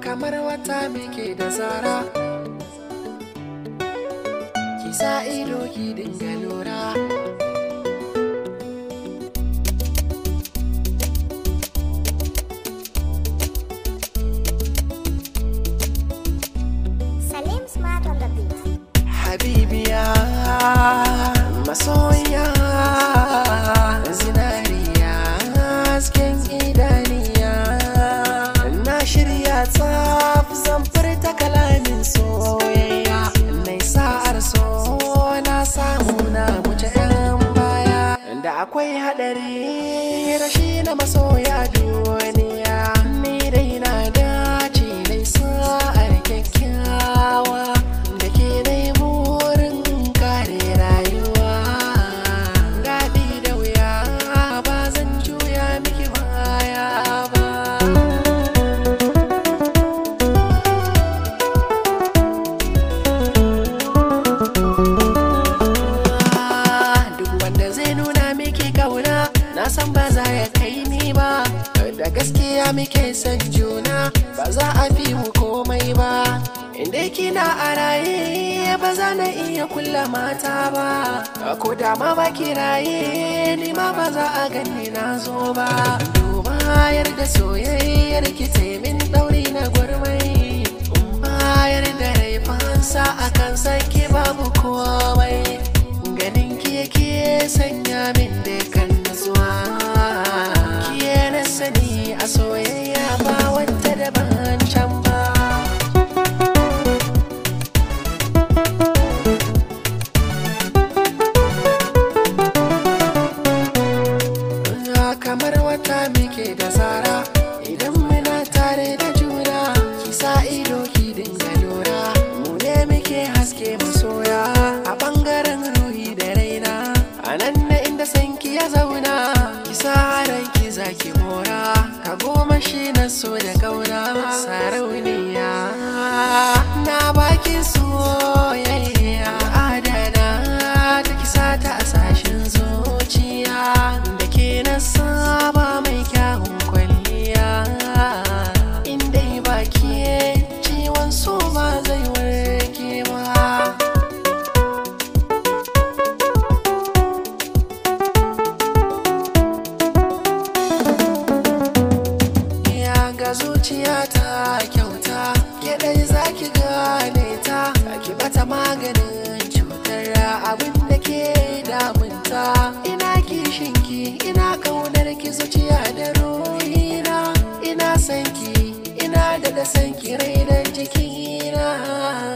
kamar wata muke da zara kisa ido ki dinga lura Salim Smart on the beat Habibiya akwai haɗari rashi na masoya na san ba za ya kai ni ba da gaskiya muke san juna ba za a fi mu komai ba inda kina a raye ba za na iya kulla mata ba ko da ma ba raye ni ma ba za a gani na zo ba duba da soyayyar ki min dauri na gwarmai bayar da raifansa a kan sanki babu komai ganin ki yake sanya min da kan soyayya ba wata ban can ba kamar wata muke da tsara idan muna tare da juna kisa ido shi na so da kauna sarauniya na baki so ki gane ta ki bata maganin cutar abin da ke damunta ina kishin ki ina kaunar ki zuciya da ruhina ina sanki ina da da sanki rai da jikina